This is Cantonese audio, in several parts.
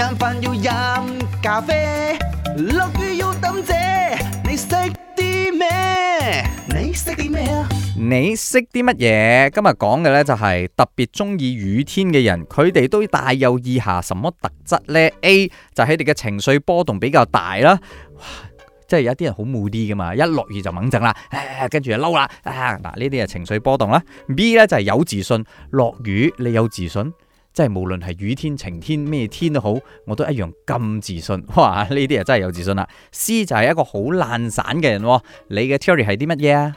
食晏飯要飲咖啡，落雨要等姐。你識啲咩？你識啲咩啊？你識啲乜嘢？今日講嘅呢就係特別中意雨天嘅人，佢哋都帶有以下什麼特質呢？A 就係佢哋嘅情緒波動比較大啦，即係有啲人好冇啲噶嘛，一落雨就猛震啦，啊，跟住就嬲啦，嗱呢啲係情緒波動啦。B 呢就係有自信，落雨你有自信。即係無論係雨天、晴天、咩天都好，我都一樣咁自信。哇！呢啲啊真係有自信啦。C 就係一個好懶散嘅人。你嘅 theory 係啲乜嘢啊？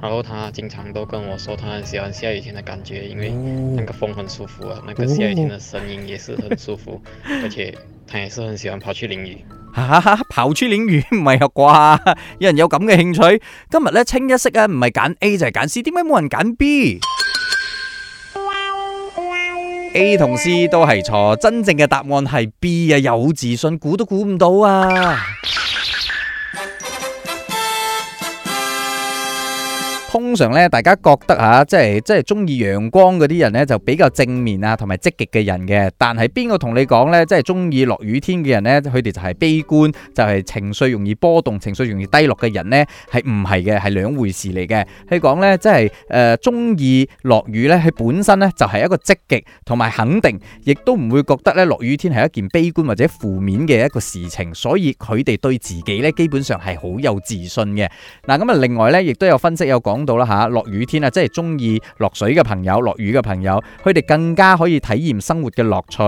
然後他經常都跟我說，他很喜歡下雨天的感覺，因為那個風很舒服啊，那個下雨天的聲音也是很舒服， 而且他也是很喜歡跑去淋雨。哈哈、啊，跑去淋雨唔係啊啩？有人有咁嘅興趣？今日咧清一色啊，唔係揀 A 就係揀 C，點解冇人揀 B？A 同 C 都係錯，真正嘅答案係 B 啊！有自信估都估唔到啊！通常咧，大家覺得吓、啊、即係即係中意陽光嗰啲人咧，就比較正面啊，同埋積極嘅人嘅。但係邊個同你講咧，即係中意落雨天嘅人咧，佢哋就係悲觀，就係、是、情緒容易波動、情緒容易低落嘅人咧，係唔係嘅？係兩回事嚟嘅。佢講咧，即係誒中意落雨咧，佢本身咧就係、是、一個積極同埋肯定，亦都唔會覺得咧落雨天係一件悲觀或者負面嘅一個事情。所以佢哋對自己咧基本上係好有自信嘅。嗱咁啊，另外咧，亦都有分析有講。講到啦，吓，落雨天啊，即係中意落水嘅朋友，落雨嘅朋友，佢哋更加可以體驗生活嘅樂趣。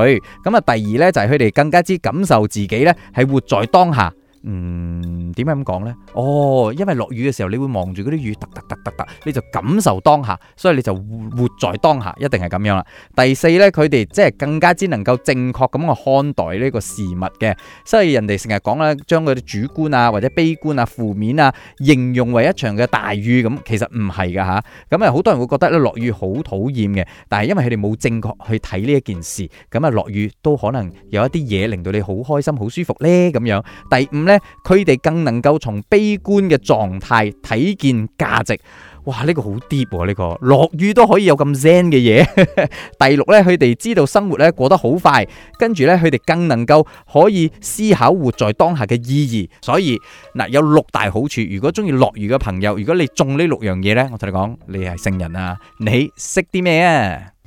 咁啊，第二呢，就係佢哋更加之感受自己呢係活在當下。嗯，點解咁講呢？哦，因為落雨嘅時候，你會望住嗰啲雨，突突突。得得，你就感受當下，所以你就活在當下，一定係咁樣啦。第四呢，佢哋即係更加之能夠正確咁去看待呢個事物嘅，所以人哋成日講咧，將佢啲主觀啊或者悲觀啊負面啊，形容為一場嘅大雨咁，其實唔係㗎吓。咁啊，好多人會覺得咧落雨好討厭嘅，但係因為佢哋冇正確去睇呢一件事，咁啊落雨都可能有一啲嘢令到你好開心好舒服呢。咁樣。第五呢，佢哋更能夠從悲觀嘅狀態睇見價值。哇！呢、這個好 deep 喎，呢、這個落雨都可以有咁 Zen 嘅嘢。 第六呢佢哋知道生活咧過得好快，跟住呢佢哋更能夠可以思考活在當下嘅意義。所以嗱，有六大好處。如果中意落雨嘅朋友，如果你中呢六樣嘢呢，我同你講，你係聖人啊！你識啲咩啊？